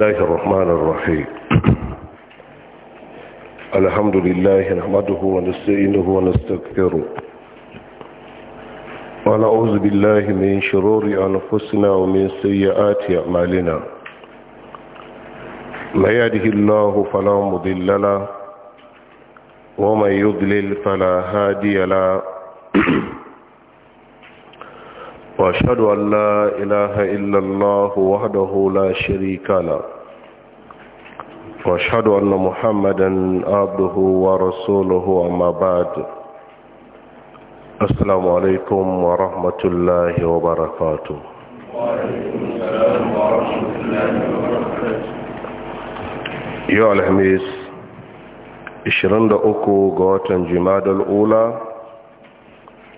الله الرحمن الرحيم الحمد لله نحمده ونستعينه ونستغفره ونعوذ بالله من شرور أنفسنا ومن سيئات أعمالنا ما يهده الله فلا مضل له ومن يضلل فلا هادي له واشهد ان لا اله الا الله وحده لا شريك له واشهد ان محمدا عبده ورسوله اما بعد السلام عليكم ورحمه الله وبركاته وعليكم السلام ورحمه الله وبركاته يا الحميس 23 ga watan jimadal ula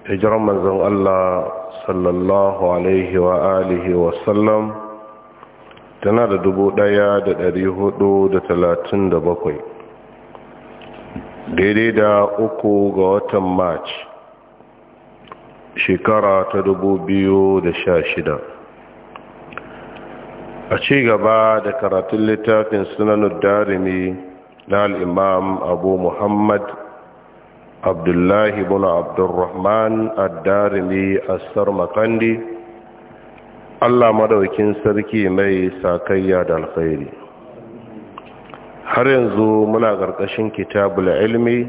hijiran manzon الله sallallahu alaihi wa wa sallam tana da dubu ɗaya da ɗari hudu da talatin da bakwai daidai da uku ga watan march shekara ta dubu biyu da sha shida a ci gaba da karatun littafin sunanar darimi na al'imam abu muhammad Abdullahi الله بن عبد الرحمن الدارمي السرمقندي Allah madaukin sarki mai sakayya da alkhairi har yanzu muna ƙarƙashin kitabul ilmi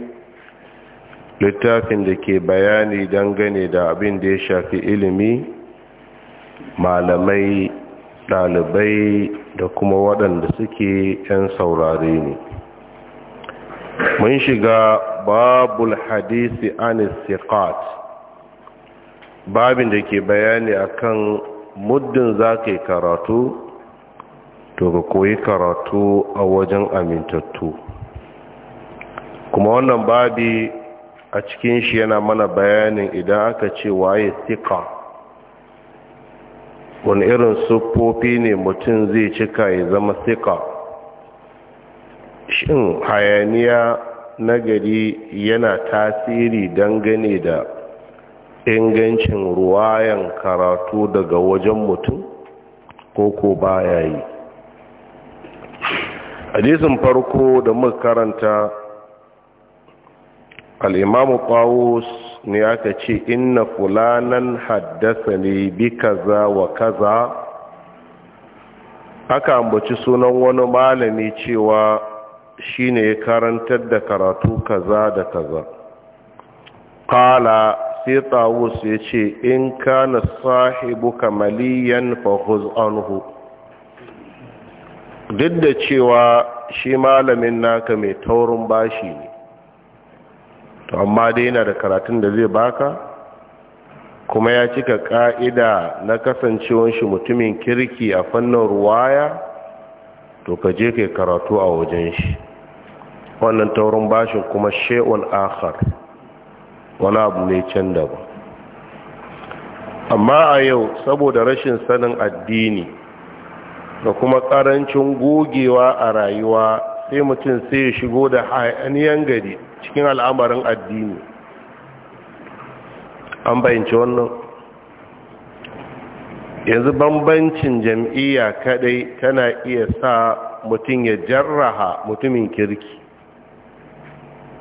littafin da ke bayani dangane da abin da ya shafi ilimi malamai ɗalibai da kuma waɗanda suke 'yan saurare ne mun shiga babul hadisi an siqat babin da ke bayani akan muddin zaka yi karatu to ka koyi karatu a wajen amintattu kuma wannan babi a cikin shi yana mana bayanin idan aka ce waye siqa wani irin siffofi ne mutum zai cika ya zama siqa shin hayaniya nagari yana tasiri dangane da ingancin ruwayan karatu daga wajen mutum ko ko baya yi hadisin farko da muka karanta al'imamu ƙawus ne aka ce inna fulanan haddasa ne bi kaza wa kaza aka ambaci sunan wani malami cewa shine ya karantar da karatu kaza da kaza Kala sai tawus ya ce in kana sahibuka maliyan fahuz anhu duk da cewa shi malamin naka mai taurin bashi ne to amma dai yana da karatun da zai baka kuma ya cika ka'ida na kasancewar shi mutumin kirki a fannin ruwaya to ka je yi karatu a wajen shi wannan taurin bashin kuma she'un akhar wani abu ne can daban amma a yau saboda rashin sanin addini da kuma karancin gogewa a rayuwa sai mutum sai ya shigo da hayaniyan gari cikin al'amarin addini an bayanci wannan yanzu bambancin jam'iyya kadai tana iya sa mutum ya jarraha mutumin kirki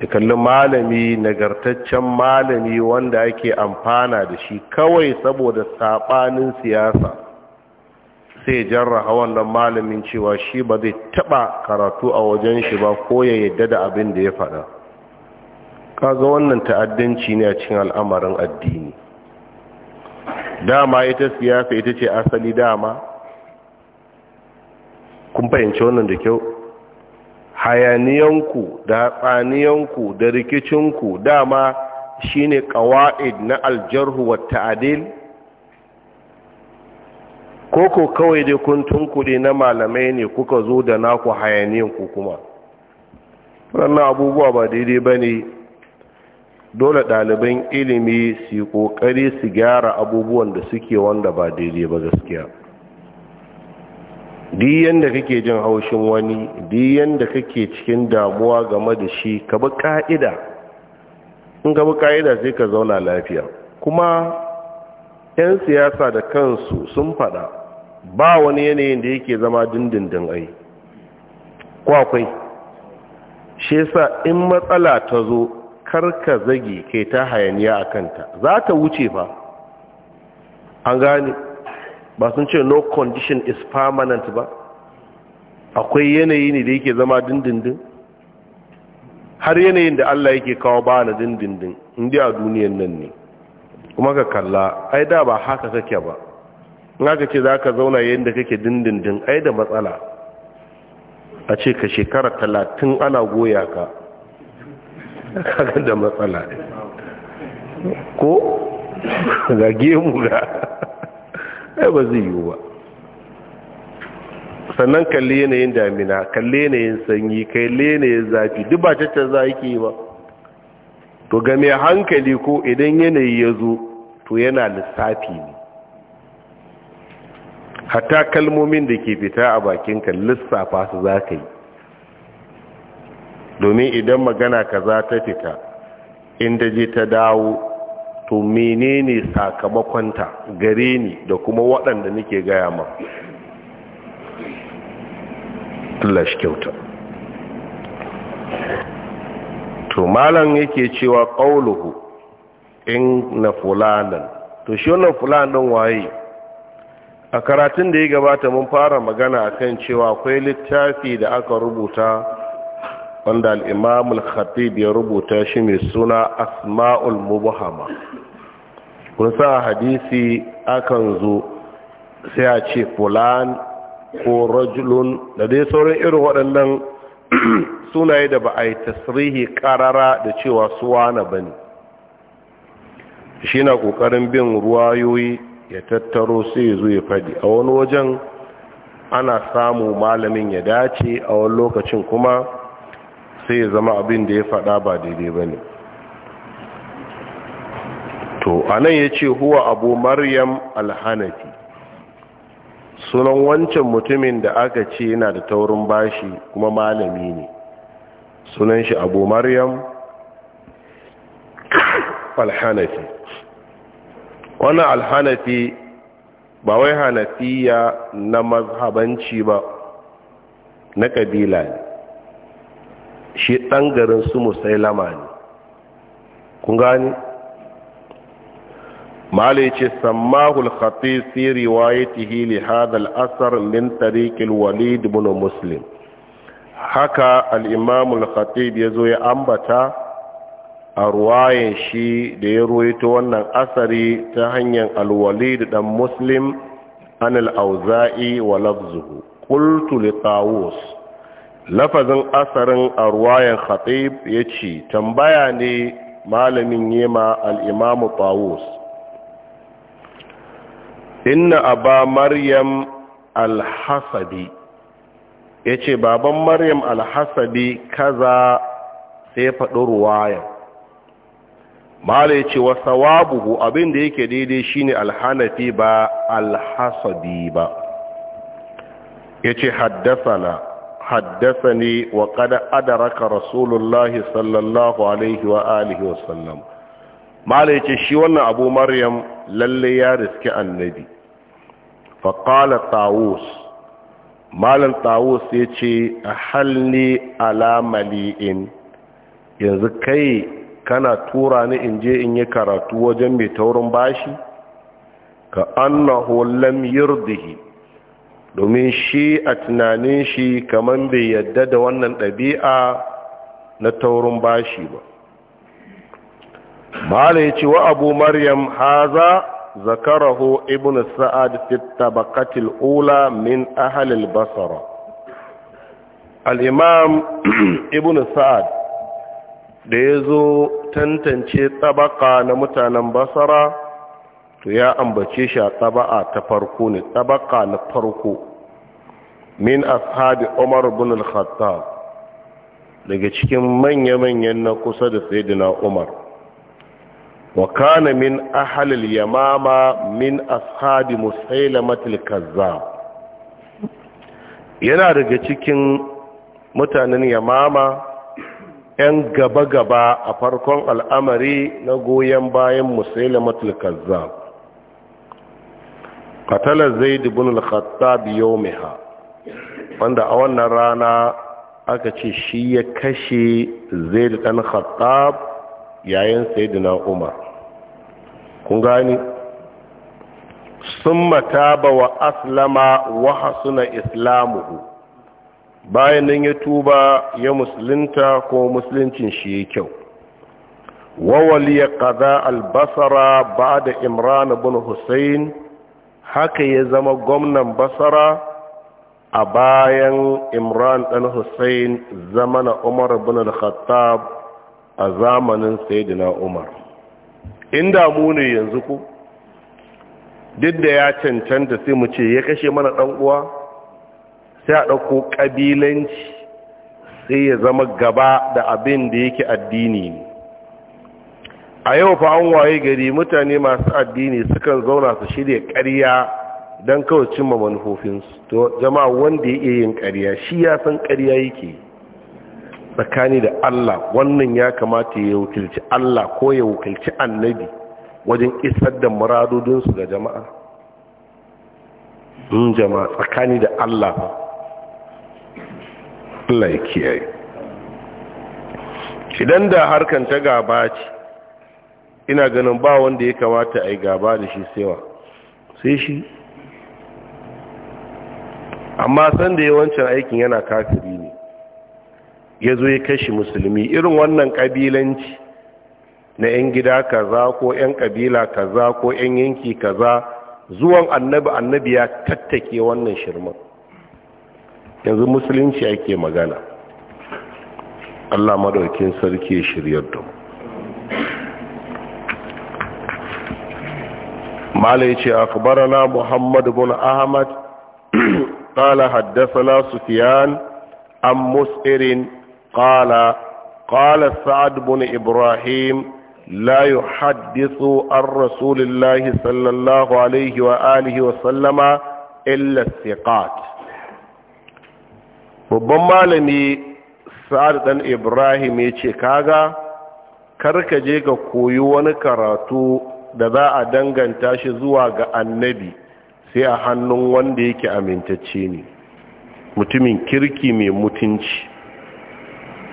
da kalli malami nagartaccen malami wanda ake amfana da shi kawai saboda saɓanin siyasa sai jarraha wannan malamin cewa shi ba zai taɓa karatu a wajen shi ba ko ya yadda da abin da ya faɗa kaga wannan ta'addanci ne a cikin al'amarin addini dama ita siyasa ita ce asali dama kun fahimci wannan da kyau hayaniyanku da hatsaniyanku da rikicinku dama shine qawaid na aljarhu wa Ko koko kawai dai kun tunkuɗe na malamai ne kuka zo da naku hayaniyanku kuma wannan abubuwa ba daidai ba ne dole ɗaliban ilimi su yi ƙoƙari su gyara abubuwan da suke wanda ba daidai ba gaskiya diyan da kake jin haushin wani diyan da kake cikin damuwa game da shi ka bi ka'ida in ka bi ka'ida sai ka zauna lafiya kuma 'yan siyasa da kansu sun fada ba wani yanayin da yake zama dindindin ai kwakwai shi yasa in matsala ta zo karka zagi kai ta hayaniya a kanta za ta wuce fa an gane ba sun ce no condition is permanent ba akwai yanayi ne da yake zama dindindin har yanayin da Allah yake kawo ba na dindindin inda a duniyan nan ne kuma ka kalla ai da ba haka kake ba in haka ce za ka zauna yadda kake dindindin ai da matsala a ce ka shekara talatin ana goya ka kaga da matsala ko ga gemu ga ai ba zai yiwu ba sannan kalli yanayin damina kalli yanayin sanyi kalli yanayin zafi duk ba caccar za yake ba to ga mai hankali ko idan yanayi ya zo to yana lissafi ne hatta kalmomin da ke fita a bakinka lissafa su za ka yi domin idan magana ka za ta fita inda je ta dawo to menene sakamakonta gare ni da kuma waɗanda nake gaya ma Allah shi kyauta to malam yake cewa qauluhu in na fulanan to shi wannan fulanan waye a karatun da ya gabata mun fara magana akan cewa akwai littafi da aka rubuta wanda al'imam al ya rubuta shi mai suna asma'ul mubahama kun sa hadisi akan zo sai a ce fulan ko rajulun da dai sauran irin waɗannan sunaye da ba a yi tasirihi ƙarara da cewa suwana ba ne shi na ƙoƙarin bin ruwayoyi ya tattaro sai zo ya faɗi a wani wajen ana samu malamin ya dace a wani lokacin kuma sai ya zama abin da ya faɗa ba daidai ba ne to anan ya ce huwa abu maryam alhanafi sunan wancan mutumin da aka ce yana da taurin bashi kuma malami ne sunan shi abu maryam alhanafi wani alhanafi ba wai hanafiya na mazhabanci ba na kabila ne shi ɗan garin su musailama ne kun gani mali ce sammahul khati si riwayati hili hadha asar min tarikin walid bin muslim haka al khati ya zo zo ya ambata a ruwayen shi da ya ruwaito wannan asari ta hanyar alwalid ɗan dan muslim an al’auza’i wa lafzuhu Kultu li tawus lafazin asarin a ruwayan khatib ya ce tambaya ne malamin yema al'imamu tawus inna a ba maryam Alhassabi ya ce baban maryam Alhassabi kaza sai faɗi ruwayan malai ce wa sawabuhu abinda yake daidai shine alhanafi ba Alhassabi ba ya ce haddasa na. haddasani wa kada adaraka rasulullahi sallallahu alaihi wa alihi wasallam mala ce shi wannan abu maryam lalle ya riske annabi fa qala tawus malan tawus yace halni ala mali'in yanzu kai kana tura ni in je in yi karatu wajen mai taurin bashi ka annahu lam yurdihi domin shi a tunanin shi kamar bai yadda da wannan ɗabi'a na taurin bashi ba mala ya ce wa abu maryam haza zakarahu ibn sa'ad fi tabaqatil ula min ahlil basra al-imam ibn sa'ad da ya zo tantance tabaka na mutanen basara to ya ambace shi a ta farko ne tabaka na farko min ashabi umar bin al-khattab daga cikin manya-manyan na kusa da sayyidina umar wa kana min ahlil yamama min ashabi musailamatil kazzab yana daga cikin mutanen yamama yan gaba-gaba a farkon al'amari na goyon bayan musailamatil kazzab qatala zaid ibn al-khattab yawmiha wanda a wannan rana aka ce shi ya kashe zai da ɗan khattab yayin da umar kun gani sun mata ba wa aslama wa hasuna islamu bayan nan ya tuba ya musulunta ko musuluncin shi ya kyau wawali ya kaza albasara ba da imran bin hussein haka ya zama gwamnan basara a bayan imran ɗan hussein zamana umar bin al-khattab a zamanin sayyidina umar inda mu ne yanzu ku duk da ya cancanta sai mu ce ya kashe mana ɗan uwa sai a ɗauko ƙabilanci sai ya zama gaba da abin da yake addini ne a yau fa an waye gari mutane masu addini sukan zauna su shirya ƙarya don kawai cimma manufofinsu to jama'a wanda ya yin ƙarya shi ya san ƙarya yake tsakani da Allah wannan ya kamata ya wakilci Allah ko ya wakilci annabi wajen isar da muradodinsu ga jama'a in hmm, jama'a tsakani da Allah ba Allah ya kiyaye idan da harkan ta gaba ce ina ganin ba wanda ya kamata a yi gaba da shi sewa sai shi amma san da yawancin aikin yana kafiri ne ya zo ya kashe musulmi irin wannan kabilanci na 'yan gida kaza ko 'yan ƙabila kaza ko 'yan yanki kaza zuwan annabi annabi ya tattake wannan shirman yanzu musulunci ake magana Allah madaukin sarki shiryar da mu malai ce akbarana Muhammadu bin ahmad قال حدثنا سفيان عن مسعر قال قال سعد بن إبراهيم لا يحدث عن رسول الله صلى الله عليه وآله وسلم إلا الثقات babban malami sa'ad ɗan ibrahim ya ce kar ka je ka koyi wani karatu da za a danganta shi zuwa ga annabi sai a hannun wanda yake amintacce ne mutumin kirki mai mutunci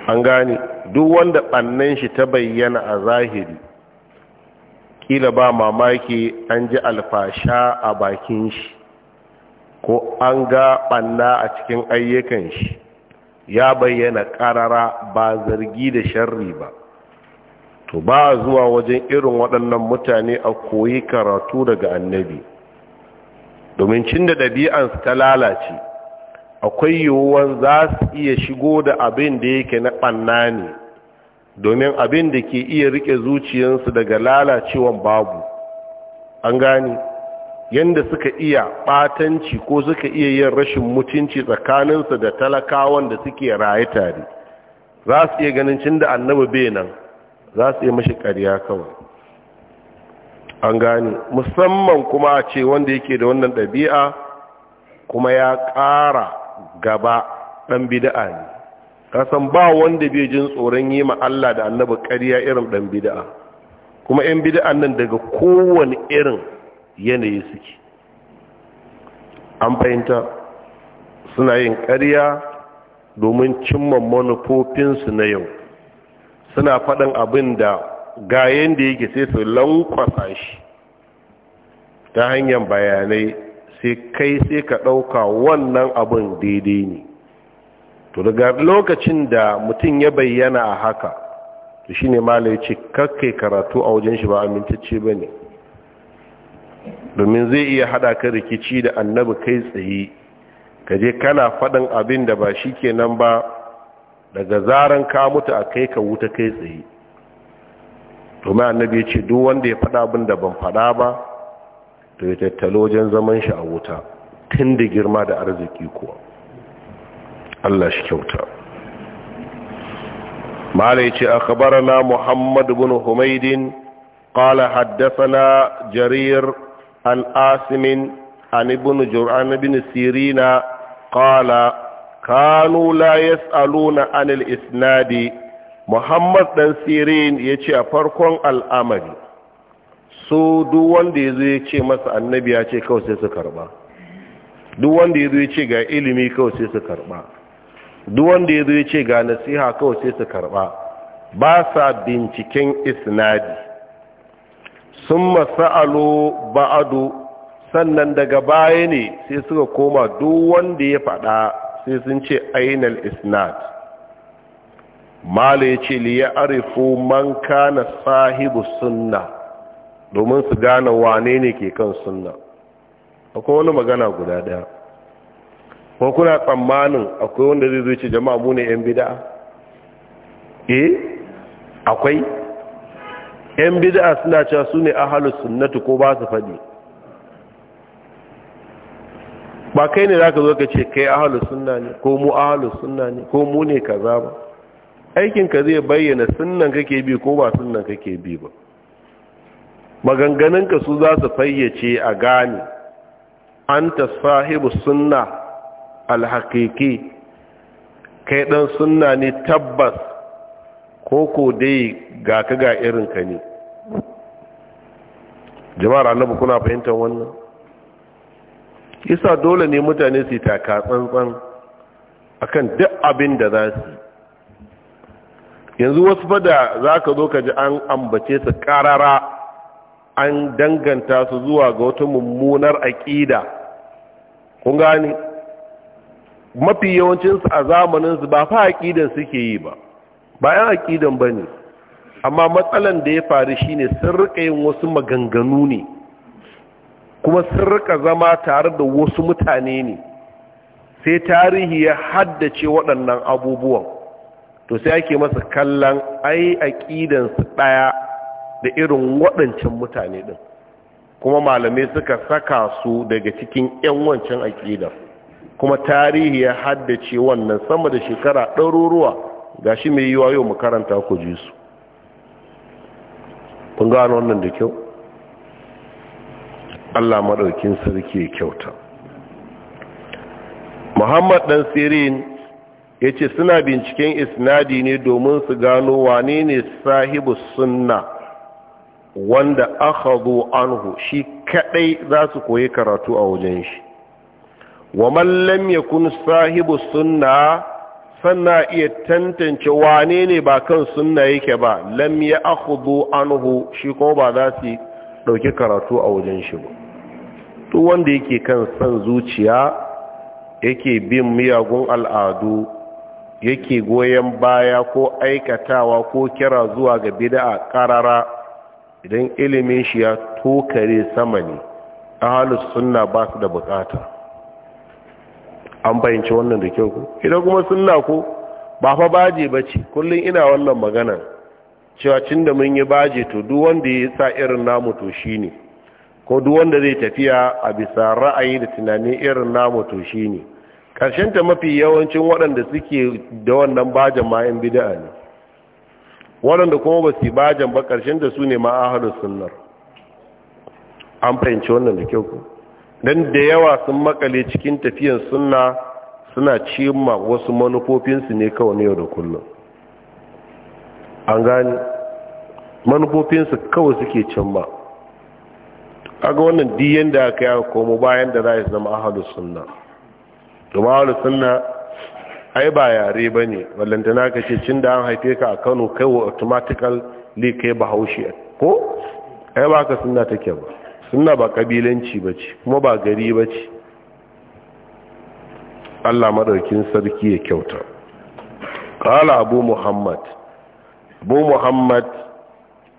an gane duk wanda ɓannan shi ta bayyana a zahiri ƙila ba mamaki an ji alfasha a bakin shi ko an ga ɓanna a cikin ayyukan shi ya bayyana ƙarara ba zargi da sharri ba to ba zuwa wajen irin waɗannan mutane a koyi karatu daga annabi domin cin da ɗabi'ansu ta lalace akwai yiwuwan za su iya shigo da abin da yake na ɓanna ne domin abin da ke iya rike zuciyarsu daga lalacewan babu an gani yadda suka iya ɓatanci ko suka iya yin rashin mutunci tsakaninsu da talakawan da suke raye tare za su iya ganin cin da annaba benin nan za su iya mashi ƙarya kawai an gane musamman kuma a ce wanda yake da wannan ɗabi'a kuma ya ƙara gaba ɗan bida'a ne kasan ba wanda bai jin tsoron yi ma Allah da annaba ƙariya irin ɗan bida'a kuma 'yan bida'an nan daga kowane irin yanayi suke an fahimta suna yin ƙarya domin cimma manufofinsu na yau suna faɗin abin da ga yanda yake sai su lankwasa shi ta hanyar bayanai sai kai sai ka ɗauka wannan abin daidai ne to daga lokacin da mutum ya bayyana a haka to shi ne ma ya ce kakkai karatu a wajen shi ba amintacce ba ne domin zai iya haɗa ka rikici da annabi kai tsaye ka je kana faɗin abin da ba shi kenan ba daga zaran ka mutu a kai ka wuta kai tsaye domin annabi ya ce duk wanda ya faɗa abin da ban faɗa ba to ya tattalo wajen zaman shi a wuta tun da girma da arziki kuwa Allah shi kyauta mala ce a muhammad bin humaidin ƙala haddasa jarir an asimin an ibn jur'an bin sirina ƙala kanu la yas'aluna anil isnadi muhammad dan sirin ya ce a farkon al'amari so duk wanda ya zo ya ce masa annabi ya ce kawai sai su karba duk wanda ya zo ya ce ga ilimi kawai sai su karba duk wanda ya zo ya ce ga nasiha kawai sai su karba ba sa binciken isnadi sun masa'alo ba'adu sannan daga baya ne sai suka koma duk wanda ya faɗa sai sun ce ainihin isnad mala ya ce liya arifu man kana sahibu sunna domin su gane wane ne ke kan sunna akwai wani magana guda daya ko kuna tsammanin akwai wanda zai zuci jama'a mu ne 'yan bida'a eh akwai 'yan bida'a suna cewa su ne ahalus sunnatu ko ba su faɗi ba kai ne za ka zo ka ce kai ahalus sunna ne ko mu ahalus sunna ne ko mu ne kaza ba aikinka zai bayyana sunan kake bi ko ba sunan kake bi ba maganganun ka su za su fayyace a gane an ta sahibu sunna alhaƙiƙi kai ɗan sunna ne tabbas ko ko dai ga ka ga irinka ne jama'ar annabu kuna fahimtar wannan isa dole ne mutane su taka tsantsan akan duk abin da za su yanzu wasu fada za ka zo ka ji an ambace su karara an danganta su zuwa ga wata mummunar aƙida kun gani mafi yawancinsu a zamaninsu ba fa aƙidan suke yi ba bayan aƙidan ba ne amma matsalan da ya faru shine sun riƙa yin wasu maganganu ne kuma sun riƙa zama tare da wasu mutane ne sai tarihi ya haddace waɗannan abubuwan to sai ake masa kallon ai aƙidansu ɗaya da irin waɗancan mutane ɗin kuma malamai suka saka su daga cikin 'yan wancan aƙida kuma tarihi ya haddace wannan sama da shekara ɗaruruwa ga shi mai yiwa yau makaranta ku ji su kun gano wannan da kyau allah maɗaukin sarki kyauta muhammad ɗan sirin ya ce suna binciken isnadi ne domin su gano wane ne sahibu sunna wanda aka zo anhu shi kadai za su koyi karatu a wajen shi wa mallam ya kun sahibu sunna sannan iya tantance wane ne ba kan sunna yake ba lam ya an anhu shi ko ba za su dauki karatu a wajen shi ba to wanda yake kan san zuciya yake bin miyagun al'adu yake goyon baya ko aikatawa ko kira zuwa ga bid'a karara idan ilimin shi ya tokare sama ne ahlus sunna ba su da bukata an bayyance wannan da kyau idan kuma sunna ko ba fa baje ba ce kullum ina wannan magana cewa da mun yi baje to duk wanda ya sa irin namu to ne ko duk wanda zai tafiya a bisa ra'ayi da tunani irin namu to ne. ƙarshen ta mafi yawancin waɗanda suke da wannan bajan ma yan bid'a ne waɗanda kuma ba su bajan ba ƙarshen ta su ne ma ahlus sunnar an fahimci wannan da kyau ko da yawa sun makale cikin tafiyan suna suna cimma wasu manufofinsu ne kawai ne yau da kullum an gani manufofinsu kawai suke cimma aga wannan diyan da aka yi komo bayan da za a zama ahalus sunna kuma suna ai ba yare ba ne wallantana ka ce cin da an haife ka a kano kai wa automatical li kai ba haushe ko ai ba ka suna take ba suna ba kabilanci ba ce kuma ba gari ba ce allah maɗaukin sarki ya kyauta ƙala abu muhammad abu muhammad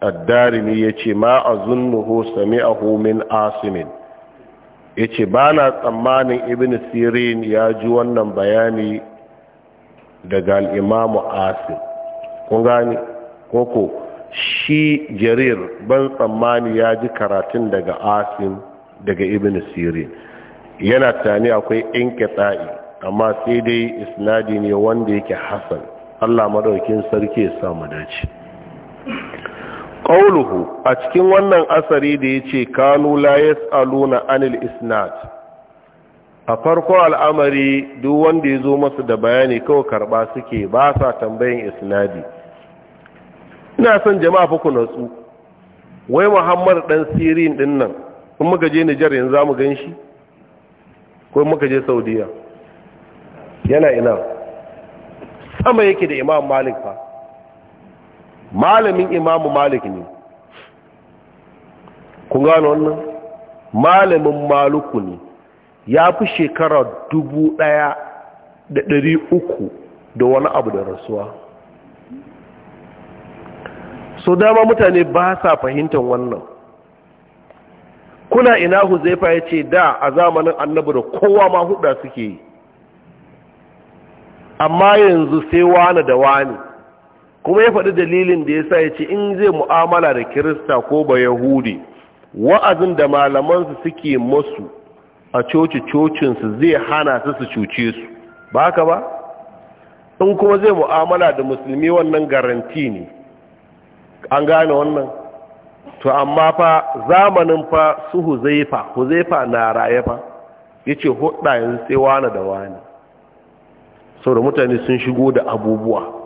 addarini ya ce ma a zunnuhu a min asimin ya ce ba na tsammanin ibn sirin ya ji wannan bayani daga al'imamu asir kun gani koko shi jarir ban tsammani ya ji karatun daga asim daga ibn sirin yana tani akwai in amma sai dai isnadi ne wanda yake Hassan. allah maɗaukin sarki ya samu dace kauluhu a cikin wannan asari da ya ce kanu la yas'aluna anil isnad a farko al'amari duk wanda ya zo masu da bayani kawai karba suke ba sa tambayin isnadi ina son jama'a fa ku natsu wai muhammad dan sirin din nan in muka je nijar yanzu za mu gan shi ko muka je saudiya yana ina sama yake da imam malik fa malamin imamu malik ne kun gano wannan malamin maluku ne ya fi shekara dubu ɗaya da dari uku da wani abu da rasuwa so dama mutane ba sa fahimtar wannan kuna ina huzaifa ya ce da a zamanin annabi da kowa ma huda suke yi amma yanzu sai wani da wani kuma ya faɗi dalilin da ya sa ya ce in zai mu'amala da kirista ko ba yahudi wa'azin da malamansu suke masu a coci-cocinsu zai hana su su cuce su ba haka ba in kuma zai mu'amala da musulmi wannan garanti ne an gane wannan to amma fa zamanin fa su huzaifa huzaifa na raye fa ya ce hudayen sai na da wani sau da mutane sun shigo da abubuwa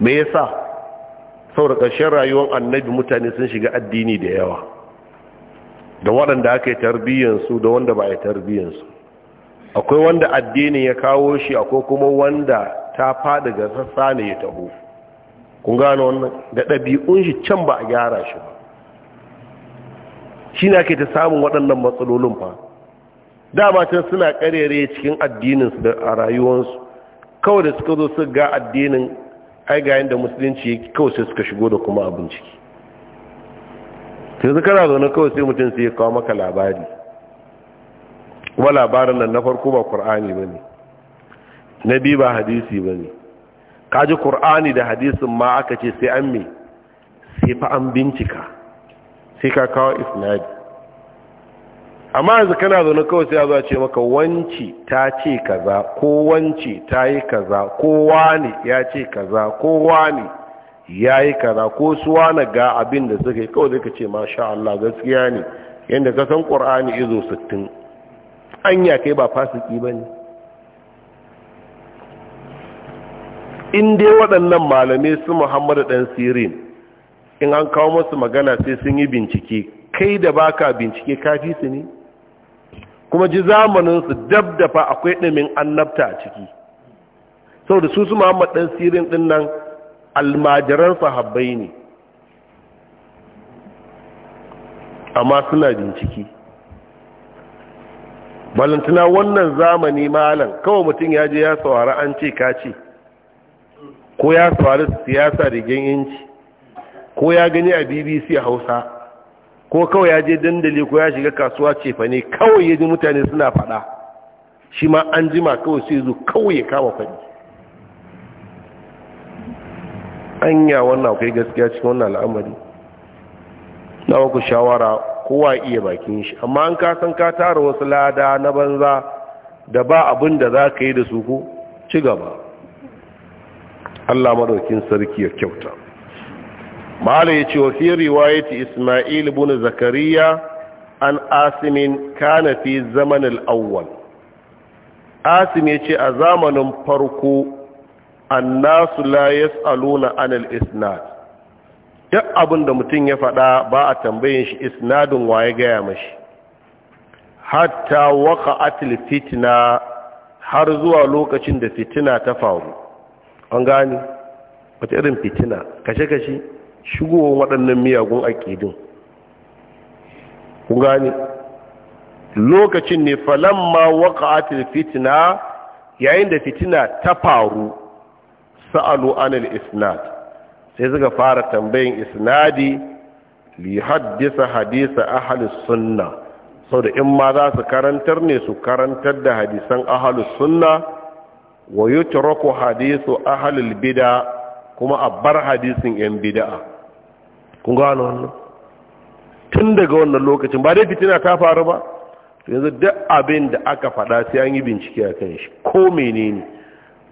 me yasa saboda ƙarshen rayuwar annabi mutane sun shiga addini da yawa da waɗanda aka yi tarbiyyansu da wanda ba a yi tarbiyyansu akwai wanda addini ya kawo shi akwai kuma wanda ta faɗi ga sassa ne ya taho kun gano wannan da ɗabi'un shi can ba a gyara shi ba shi ne ake ta samun waɗannan matsalolin fa dama can suna ƙarere cikin addininsu da a rayuwarsu kawai da suka zo su ga addinin ai ga yadda musulunci kawai sai suka shigo da kuma abin ciki suka na zaune kawai sai mutum sai ya kawo maka labari kuma labarin nan na farko ba ba ne, na biyu ba hadisi ba ne, kaji Kur'ani da hadisin ma aka ce sai an me sai fa an bincika sai ka kawo isnadi amma yanzu kana zaune kawai sai ya zo ce maka wanci ta ce kaza ko wanci ta yi kaza ko wani ya ce kaza ko wani ya yi kaza ko su wani ga abin da suka yi kawai zai ka ce masha Allah gaskiya ne yadda ka san ƙur'ani izo sittin ya kai ba fasiki ba ne in dai waɗannan malamai su muhammadu ɗan sirin in an kawo masu magana sai sun yi bincike kai da baka bincike kafi su ne kuma ji zamaninsu dab da fa akwai ɗumin annabta a ciki saboda su su muhammad ɗan sirin ɗin nan almajiran sahabbai ne amma suna bincike balantana wannan zamani malam kawai mutum ya je ya saurari an ce ka ce ko ya saurari siyasa da ganyanci ko ya gani a bbc hausa ko kawai ya je dandali ko ya shiga kasuwa ce ne kawai ya ji mutane suna faɗa shi ma an ma kawai sai zo kawai ya kama faɗi anya wannan akwai gaskiya cikin wannan al'amari na ku shawara kowa iya bakin shi amma an kasan ka tara wasu lada na banza da ba abin da za ka yi da su ku? ci gaba Allah madaukin sarki ya kyauta malai ya ce wa fi riwayati isma'il ibn zakariya an asimin kana fi zaman al'awwal asim ya ce a zamanin farko annasu la yas'aluna anil isnad duk abin da mutum ya faɗa ba a tambayin shi isnadin waye gaya mashi hatta atil fitina har zuwa lokacin da fitina ta faru an gani wata irin fitina kashe-kashe shigowar waɗannan miyagun aƙidun ku gani lokacin ne falamma waqa'atil fitna yayin da fitina ta faru sa'alu anil isnad sai suka fara tambayin isnadi li haddisa hadisa suna, sunna saboda in ma za su karantar ne su karantar da hadisan ahlus sunna wa yutraku hadisu ahlul bid'a kuma a bar hadisin yan bida'a. kun gano wannan tun daga wannan lokacin ba dai fitina ta faru ba yanzu duk abin da aka faɗa sai an yi bincike a kan shi ko menene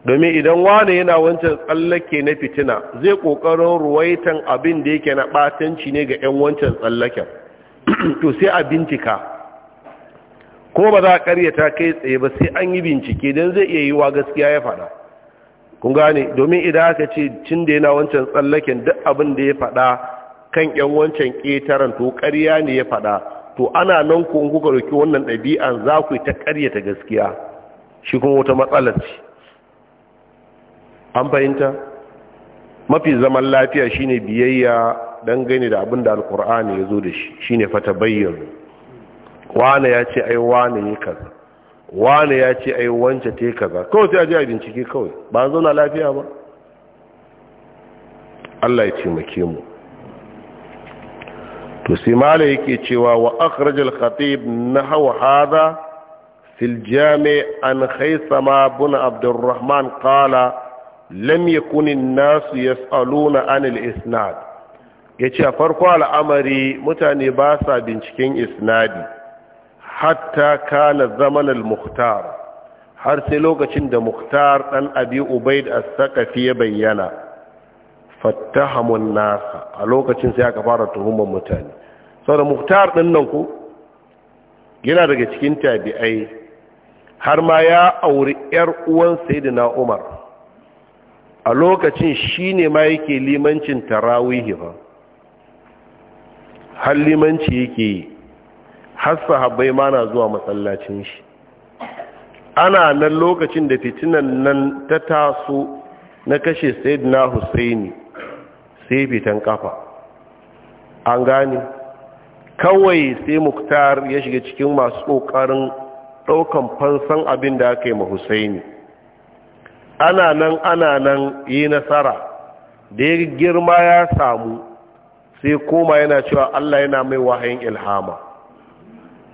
domin idan wani yana wancan tsallake na fitina zai ƙoƙarin ruwaitan abin da yake na ɓatanci ne ga 'yan wancan tsallaken to sai a bincika ko ba za a karyata kai tsaye ba sai an yi bincike don zai iya yi wa gaskiya ya faɗa kun gane domin idan aka ce cin da yana wancan tsallaken duk abin da ya faɗa kan yan wancan ƙetaren to ƙarya ne ya faɗa to ana nan ko in kuka roki wannan ɗabi'an za ku ta ta gaskiya shi kuma wata matsalar ce an fahimta mafi zaman lafiya shine biyayya dangane da abin da alkur'ani ya zo da shi shine fata bayyana wane ya ce ai wane ne kaza Wani ya ce ai wance te kaza kawai sai a je a bincike kawai ba an zauna lafiya ba Allah ya taimake mu to sai mala yake cewa wa akhrajal khatib nahaw hada fil jami' an khaysama خيثمة abdurrahman qala lam yakun لم nas yas'aluna an al-isnad yace a farko al'amari mutane ba sa binciken isnadi hatta kana zaman al-mukhtar har sai lokacin da mukhtar dan abi ubaid as-saqafi ya bayyana an nas a lokacin sai aka fara tuhumar mutane saboda mukhtar din nan ko yana daga cikin tabi'ai har ma ya auri yar uwan sayyidina umar a lokacin shine ma yake limancin tarawih ba har limanci yake yi har sahabbai ma na zuwa masallacin shi ana nan lokacin da fitinan nan ta taso na kashe sayyidina husaini sai fitan kafa an gane kawai sai muktar ya shiga cikin masu kokarin daukan fansan abin da aka yi ma husaini ana nan ana nan yi nasara da ya girma ya samu sai koma yana cewa allah yana mai wahayin ilhama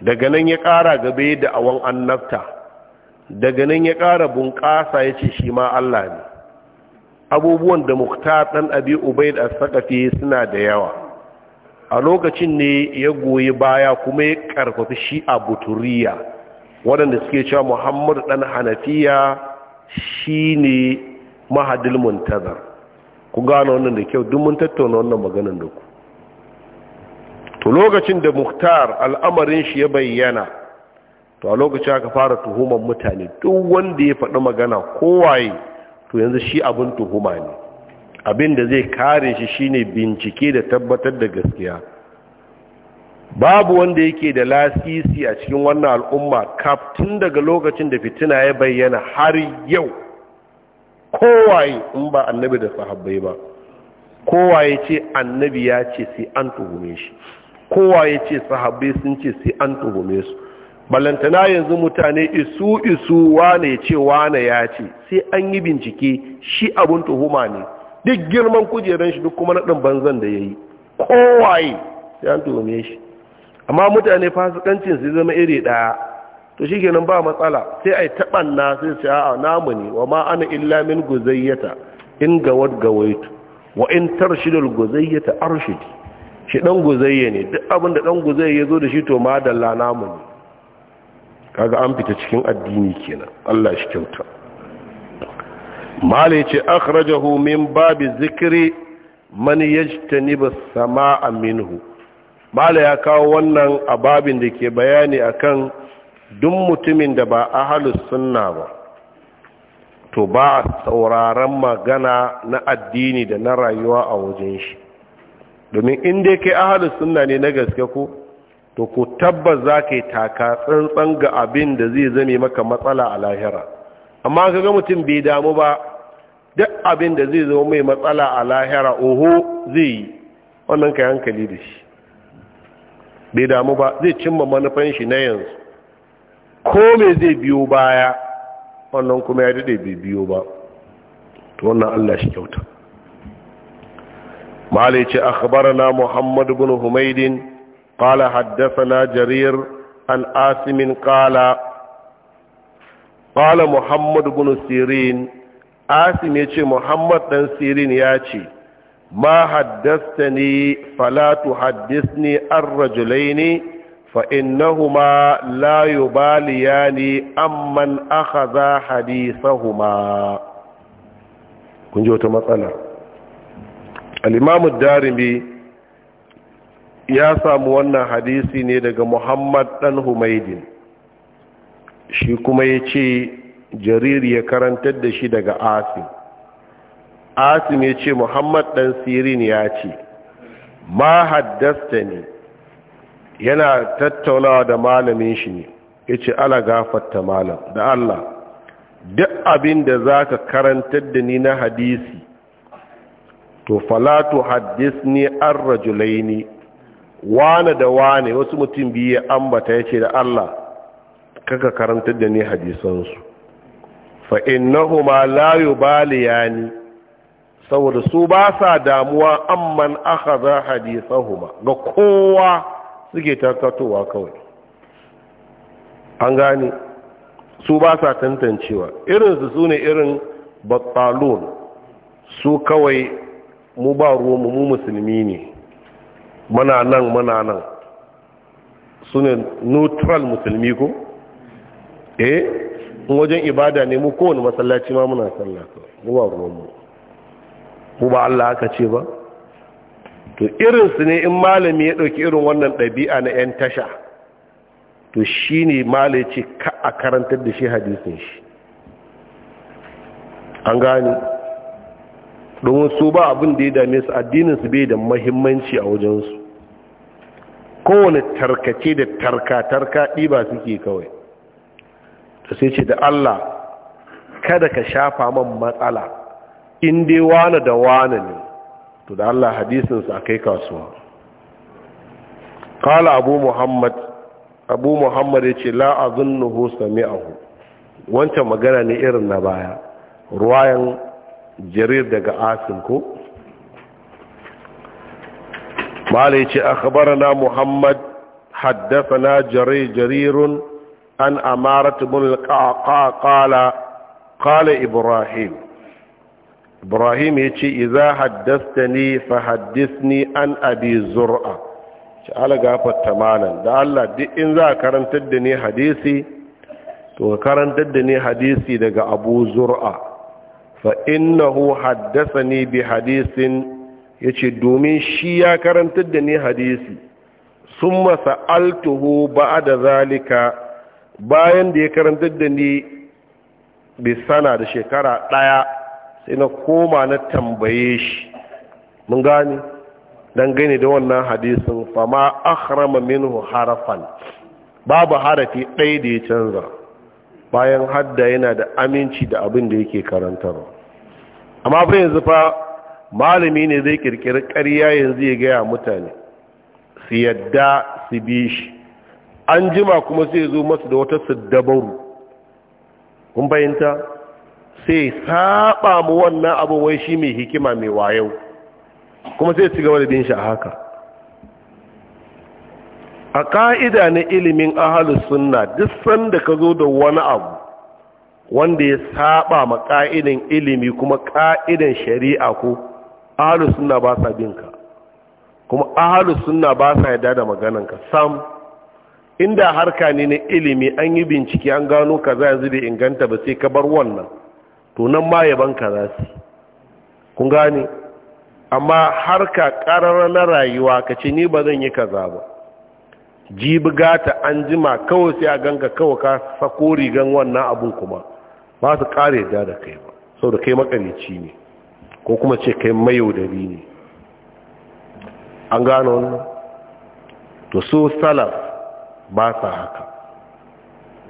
daga nan ya ƙara gabe da awon annabta daga nan ya ƙara bunƙasa ya ce shi ma Allah ne abubuwan da muktar ɗan abi ubaid a sakafi suna da yawa a lokacin ne ya goyi baya kuma ya ƙarfafi shi a buturiya waɗanda suke cewa muhammadu ɗan hanafiya shi ne mahadil muntazar ku gano wannan da kyau duk mun tattauna wannan maganin da ku to lokacin da muhtar al'amarin shi ya bayyana to a lokacin aka fara tuhuman mutane duk wanda ya faɗi magana kowaye to yanzu shi abin tuhuma ne abin da zai kare shi shine bincike da tabbatar da gaskiya babu wanda yake da lasisi a cikin wannan al'umma kaftin daga lokacin da fitina ya bayyana har yau kowaye in ba annabi da sahabbai ba kowaye ce annabi ya ce sai an tuhume shi kowa ya ce sahabbai sun ce sai an tuhume su balantana yanzu mutane isu isu wane ya ce wane ya ce sai an yi bincike shi abun tuhuma ne duk girman kujeran shi duk kuma naɗin banzan da ya yi kowaye sai an tuhume shi amma mutane fasikancin su zama iri ɗaya to shi kenan ba matsala sai a yi taɓanna sai su a namu ne wa ma ana illa min guzayyata in gawad gawaitu wa in tarshidul guzayyata arshidi shi ɗan guzayya ne duk abin da ɗan guzayya ya zo da shi to da lanamu ne kaga an fita cikin addini kenan Allah shi kyauta mala yace akhrajahu min babi zikri man yajtaniba samaa minhu mala ya kawo wannan a babin da ke bayani akan duk mutumin da ba ahlus sunna ba to ba sauraron magana na addini da na rayuwa a wajen shi domin in dai kai ahalus suna ne na gaske ko to ku tabbas za ka yi taka tsantsan ga abin da zai zame maka matsala a lahira amma ka ga mutum bai damu ba duk abin da zai zama mai matsala a lahira oho zai yi wannan ka hankali da shi bai damu ba zai cimma manufan shi na yanzu ko me zai biyo baya wannan kuma ya daɗe bai biyo ba to wannan allah shi kyauta malai ce akhbarana muhammad ibn humaydin qala haddathana jarir an asimin kala, qala muhammad ibn sirin asim yace muhammad dan sirin ya ce ma haddastani fala tuhaddisni ar-rajulaini fa innahuma la yubaliyani amman akhadha hadithahuma kun ji wata matsalar. al-imamu darimi ya samu wannan hadisi ne daga muhammad dan humaidin shi kuma ya ce jarir ya karantar da shi daga asim asim ya ce muhammad dan sirin ya ce ma haddasta ne yana tattaunawa da malamin shi ne ya ce ala gafarta malam da allah duk abin da za ka karantar da ni na hadisi to falatu haddisni an rajulaini wane da wane wasu mutum biyu ya ambata ya ce da Allah kaka karantar da ni hadisansu fa innahuma la yubaliyani saboda su ba sa damuwa amman akhadha huma, ga kowa suke tarkatowa kawai an gane su ba sa tantancewa irinsu su ne irin battalun su kawai mu ba ruwanmu mu musulmi ne mana nan mana nan su ne neutral musulmi ko eh wajen ibada ne mu kowane masallaci ma muna sallaka mu ba ruwanmu mu ba Allah aka ce ba to irinsu ne in malami ya ɗauki irin wannan ɗabi'a na 'yan tasha to shi ne malaci ce ka a karantar da shi hadisun shi an gani domin su ba abin da ya dame su addinin su bai da mahimmanci a wajensu kowane tarkace da tarka-tarka ɗiba suke kawai da sai ce da Allah kada ka shafa man matsala in dai wane da wane ne to da Allah hadisinsu a kai kasuwa kala abu muhammad abu muhammad ya ce la'azin nuhu sami'ahu wancan magana ne irin na baya ruwayan jarir daga asin ko mala yace na muhammad haddathana jari jarirun an amarat ibn al qala qala ibrahim ibrahim yace idza haddis ni an abi zur'a ce ala gafarta malan da Allah duk in za karantar da ni hadisi to karantar da ni hadisi daga abu zur'a fa innahu haddathani bi hadisin yace domin shi ya karantar da ni hadisi summa sa'altuhu ba'da zalika bayan da ya karantar da ni bi sana da shekara ɗaya, sai na koma na tambaye shi mun gane dan gane da wannan hadisin fama akhrama minhu harafan babu harafi ɗaya da ya canza bayan hadda yana da aminci da abin da yake karantarwa amma fa yanzu fa malami ne zai kirkiri ƙarya yanzu ya gaya mutane su yadda su bi shi an jima kuma sai zo masu da wata siddabaru kun bayanta sai saba mu wannan abu wai shi mai hikima mai wayo kuma sai ci gaba da bin shi a haka a ƙa'ida na ilimin ahalus sunna duk sanda ka zo da wani abu wanda ya saba ma ƙa'idan ilimi kuma ƙa'idan shari'a ko ahalus sunna ba sa ka, kuma ahalus sunna ba sa yadda da magananka sam inda harka ne na ilimi an yi bincike an gano ka za yanzu bai inganta ba sai ka bar wannan to nan ma yaban ka za su kun gane amma harka ƙararra na rayuwa ka ce ni ba zan yi kaza ba jibi gata an jima kawai sai a ganga kawai ka sako rigan wannan abun kuma ba su kare da da kai ba sau da kai makarici ne ko kuma ce kai mayaudari ne an gano wannan to so salaf ba sa haka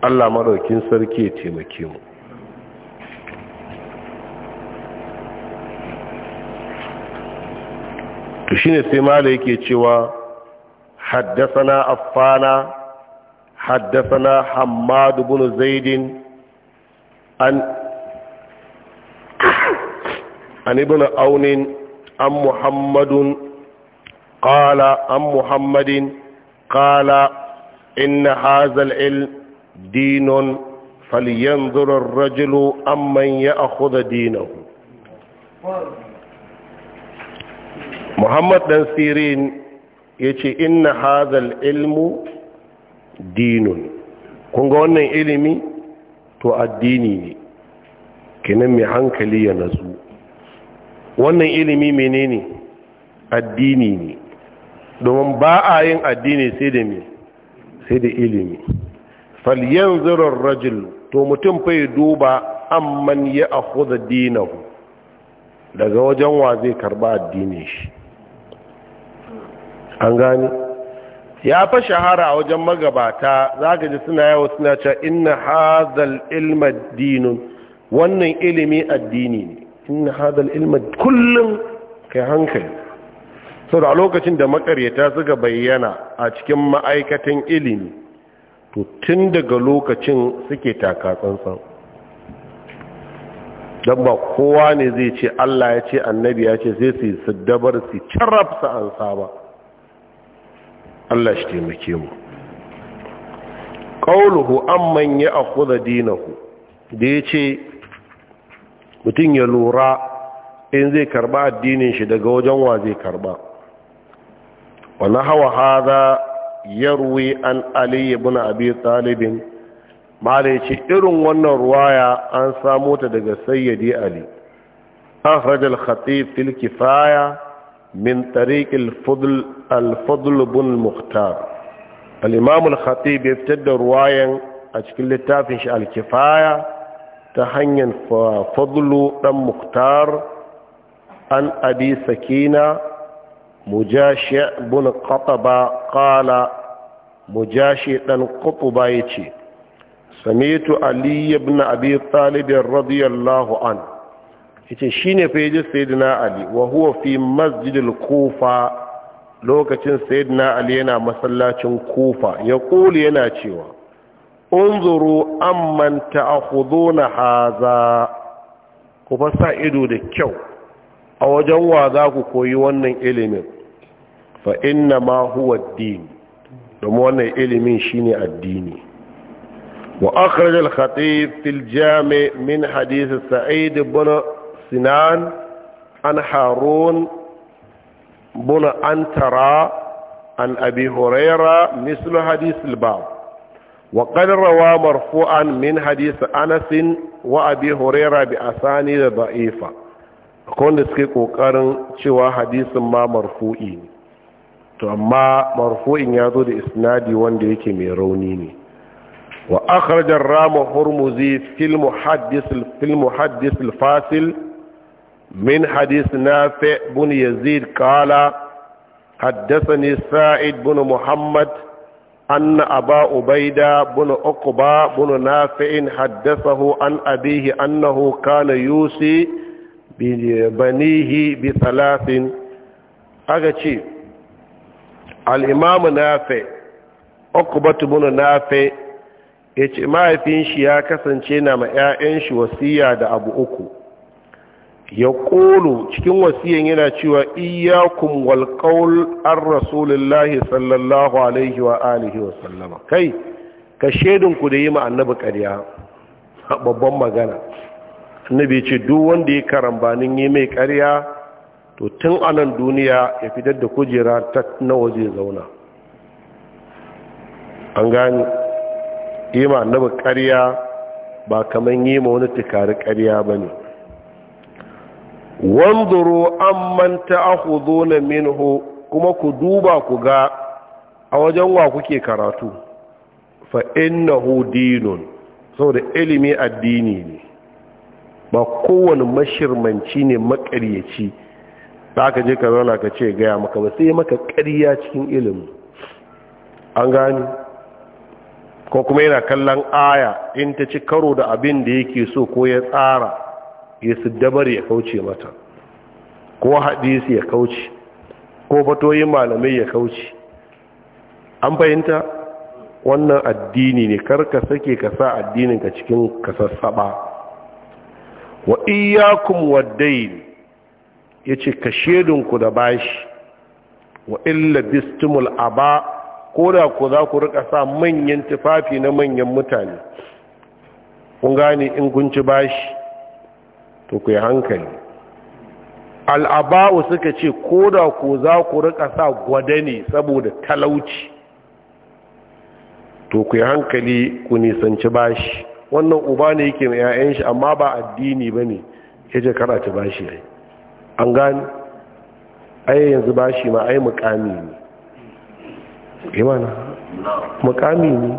allah maɗaukin sarki ya taimake mu to shine sai mala yake cewa حدثنا أفانا حدثنا حماد بن زيد عن عن ابن عون عن محمد قال عن محمد قال إن هذا العلم دين فلينظر الرجل أمن يأخذ دينه محمد بن سيرين ya ce inna hazal ilmu dinun kun ga wannan ilimi to addini ne kinan mai hankali ya nazu wannan ilimi menene addini ne domin ba a yin addini sai da mai sai da ilimi falyan zirar rajil to mutum fai duba amman ya ahuza dinahu daga wajen wa zai karba addini shi an gane ya fa shahara a wajen magabata za ka ji suna yawo suna cewa inna hadal ilma dinun wannan ilimi addini ne inna hadal ilma kullum kai hankali sau da lokacin da makaryata suka bayyana a cikin ma'aikatan ilimi to tun daga lokacin suke taka tsantsan don ba kowa ne zai ce allah ya ce annabi ya ce sai su yi su dabar su carrafsa an saba Allah shi taimake mu qauluhu amman ya akhudha dinahu da yace mutum ya lura in zai karba addinin shi daga wajen wa zai karba wa nahawa hadha yarwi an ali ibn abi talib mala yace irin wannan ruwaya an samo ta daga sayyidi ali akhraj al-khatib fil kifaya min tariq al-fadl al-fadl bin muhtar al-imam ya fitar da ruwayan a cikin littafin shi al ta hanyar fadlu dan Muktar an abi sakina mujashi bin qataba qala mujashi dan qutba yace samitu ali ibn abi talib radiyallahu anhu yace shine fa yaje sayyidina ali wa huwa fi masjidil kufa lokacin sayyidina ali yana masallacin kufa ya kuli yana cewa unzuru amman ta'khuduna haza ku fasa ido da kyau a wajen wa za ku koyi wannan ilimin fa inna ma huwa ad-din domin wannan ilimin shine addini wa الخطيب في الجامع من حديث سعيد بن sinan an harun bun antara an abi huraira mislu hadis al-bab وقد روى مرفوعا من حديث انس وابي هريره باسانيد akwai da suke ƙoƙarin cewa hadisin ma marfu'i ne to amma marfu'in ya zo da isnadi wanda yake mai rauni ne wa akhrajar rama hurmuzi fil muhaddis fasil من حديث نافع بن يزيد قال حدثني سعيد بن محمد أن أبا عبيدة بن عقبة بن نافع حدثه عن أبيه أنه كان يوصي بنيه بثلاث أغتشي الإمام نافع عقبة بن نافع yace mahaifin shi ya kasance ما ma 'ya'yan shi wasiya da abu ya ƙolo cikin wasiyan yana cewa iyakun walƙaul an rasulullahi sallallahu alaihi wa alihi wa sallama kai ka shaidinku da yi ma annabi a babban magana annabi ce duk wanda ya karambanin yi mai ƙarya to tun anan duniya ya fitar da kujera ta nawa zai zauna an gani yi ma annabi ƙarya ba kamar yi ma wani tukari ƙarya ba ne wanzuru amman ta'khuduna minhu kuma ku duba ku ga a wajen wa kuke karatu fa innahu dinun saboda ilimi addini ne ba kowane mashirmanci ne makaryaci za ka je ka zauna ka ce gaya maka ba sai maka ƙarya cikin ilimi an gani ko kuma yana kallon aya in ta ci karo da abin da yake so ko ya tsara ya dabar ya kauce mata ko hadisi ya kauce ko fatoyin malamai ya kauce an fahimta wannan addini ne karka sake ka sa addinin ka cikin kasassaba wa iyyakum waddain yace ka shedunku da bashi wa illa bistumul aba koda ku za ku rika sa manyan tufafi na manyan mutane kun gane in kun ci bashi to ku yi hankali al'aba'u suka ce ko da ku za ku rika sa gwada ne saboda talauci to ku yi hankali ku nisanci bashi wannan uba ne yake na 'ya'yan shi amma ba addini ba ne ya je karata bashi ne an gani ai yanzu bashi ma ai mukami ne yawana eh, mukami ne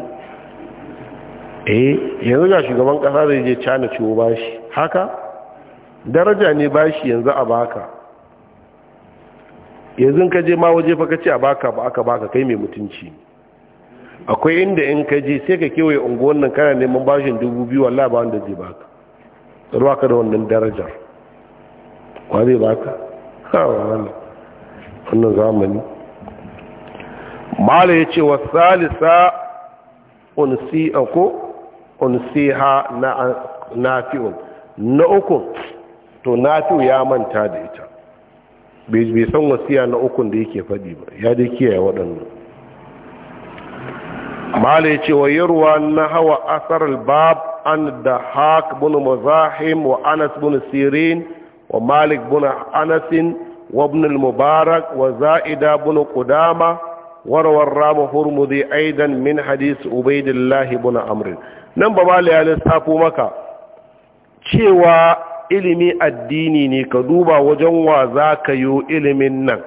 eh yanzu ga shugaban kasa zai je cana ciwo bashi haka daraja ne bashi yanzu a baka yanzu ka je ma waje fa ka ce a baka ba aka baka kai mai mutunci akwai inda in ka je sai ka kewaye unguwan nan kana neman bashin dubu biyu wallahi ba wanda zai baka ruwa ka da wannan darajar kwa zai baka ha wani wannan zamani mala ya ce wa salisa unsi ako unsiha na fi'un na uku to fi ya manta da ita bai san wasiya na ukun da yake faɗi ba ya dai kiyaye waɗannan mala ya ce wa yarwa na hawa asar albab an da haq bin mazahim wa anas bin sirin wa malik bin anasin wa ibn mubarak wa za'ida bin kudama warwar ramu hurmudi aidan min hadis Ubaidullahi bin Amrin. nan ba mala ya lissafo maka cewa ilimi addini ne ka duba wajen wa za ka yi ilimin nan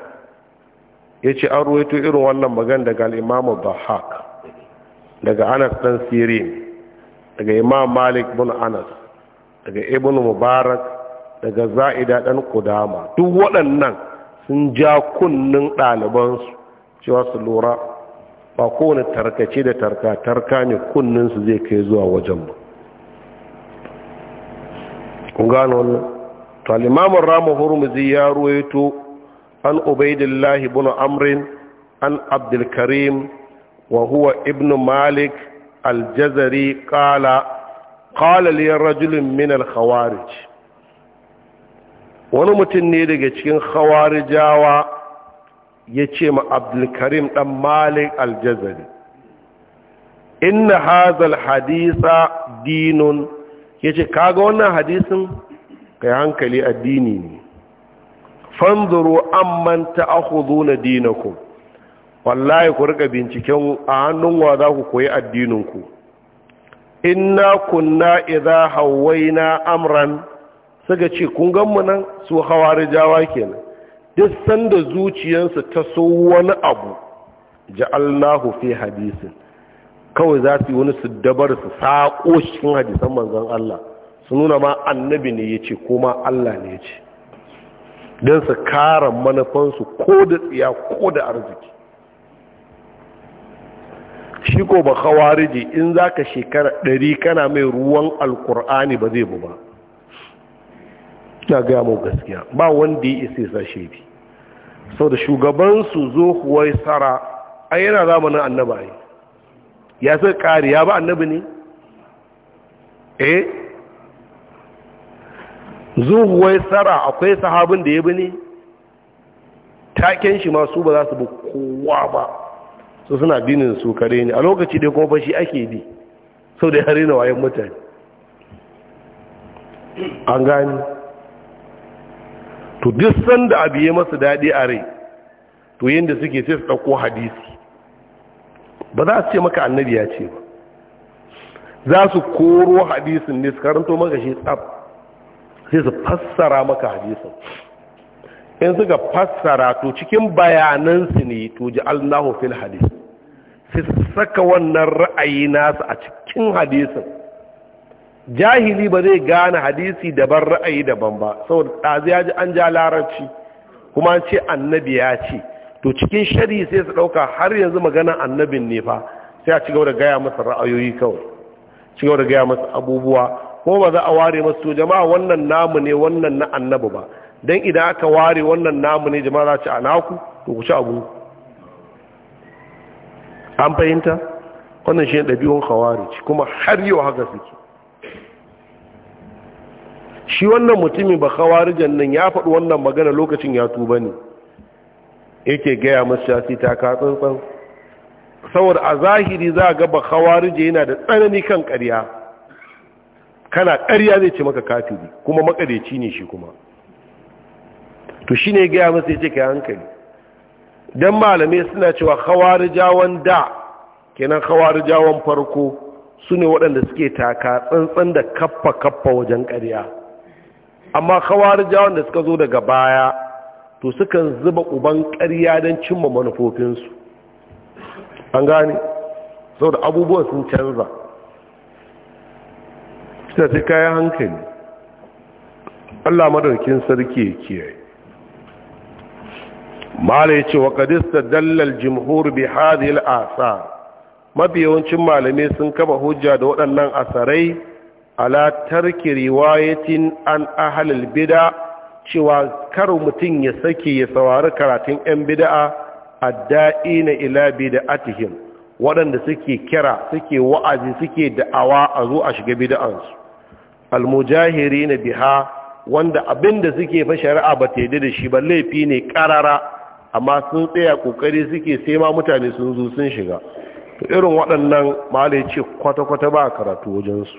ya ce an ruwaito irin wannan magan daga al'imamu bahak daga anas ɗan sirin daga imam malik bin anas daga ibn mubarak daga za'ida ɗan kudama duk waɗannan sun ja kunnin ɗalibansu cewa su lura ba kowane tarkace da tarka tarka ne kunninsu zai kai zuwa wajen ba kun gano wani to al ramu hurmuzi ya ruwaito an ubaidillah ibn amrin an abdulkarim wa huwa ibn malik aljazari kala kala qala rajulun rajulin min al wani mutum ne daga cikin khawarijawa ya ce ma abdulkarim dan malik aljazari inna hazal hadisa dinun ya ce kaga wannan hadisin kai hankali addini ne fanzuru amman na dinakun wallahi ku rika binciken a hannun wa za ku koyi addininku inna kunna idza hawaina amran suka ce kun gan mu nan su ke kenan duk sanda zuciyarsu ta so wani abu ja'alnahu fi hadisin kawai za su yi wani su dabar su saƙo cikin hadisan manzon Allah su nuna ma annabi ne ya ce ko ma Allah ne ya ce don su kara manufansu ko da tsiya ko da arziki shi ko ba kawarije in za ka shekara ɗari kana mai ruwan alkur'ani ba zai bu ba ya gaya gaskiya ba wanda ya isa sashe bi sau da shugabansu zo huwai tsara a yana zamanin annabayi ya sai ƙari ya ba annabi ne eh zuhuwai tsara akwai sahabin da ya bi ne taken shi masu ba za su bi kowa ba su suna binin su kare ne a lokaci dai kuma bashi ake bi sau da yare na wayan mutane an gani to duk sanda abu ya masu daɗi a rai to yin da suke sai su ɗauko hadisi ba za su ce maka annabi ya ce ba za su koro hadisin ne su karanto maka shi tsab sai su fassara maka hadisin in suka fassara to cikin bayanansu ne to ji allahu fil hadis sai su saka wannan ra'ayi nasu a cikin hadisin jahili ba zai gane hadisi daban ra'ayi daban ba saboda ɗazi ya ji an ja larabci kuma ce annabi ya ce to cikin shari sai su ɗauka har yanzu magana annabin ne fa sai a cigaba da gaya masa ra'ayoyi kawai cigaba da gaya masa abubuwa ko ba za a ware masu to jama'a wannan namu ne wannan na annabi ba don idan aka ware wannan namu ne jama'a za ci a naku to ku ci abu an fahimta wannan shi ne ɗabi'un kawarici kuma har yau haka suke shi wannan mutumin ba khawarijan nan ya faɗi wannan magana lokacin ya tuba ne yake gaya masu shafi ta ka tsantsan saboda a zahiri za a gaba kawarije yana da tsanani kan ƙarya kana ƙarya zai ce maka kafiri kuma makadeci ne shi kuma to shi ne gaya masu ya ce ka hankali don malamai suna cewa kawarijawan da kenan kawarijawan farko su ne waɗanda suke taka tsantsan da kaffa-kaffa wajen karya amma kawarijawan da suka zo daga baya to sukan zuba uban ƙarya don cimma manufofinsu an gane da abubuwan sun canza suna sai kayan hankali allah madarkin sarki ya kiyaye mala ya ce wa kadista dallal jimhur bi hadhihi al-asar mafi yawancin malamai sun kaba hujja da waɗannan asarai ala tarki riwayatin an ahlul bid'a cewa kar mutum ya sake ya saurari karatun 'yan bida'a a da'ina da atihim waɗanda suke kira suke wa'azi suke da'awa a zo a shiga bida'ansu almujahiri na biha wanda abinda suke fa shari'a ba ta da shi ba laifi ne karara, amma sun tsaya kokari suke sai ma mutane sun zo sun shiga to irin waɗannan malai ce kwata-kwata ba karatu wajensu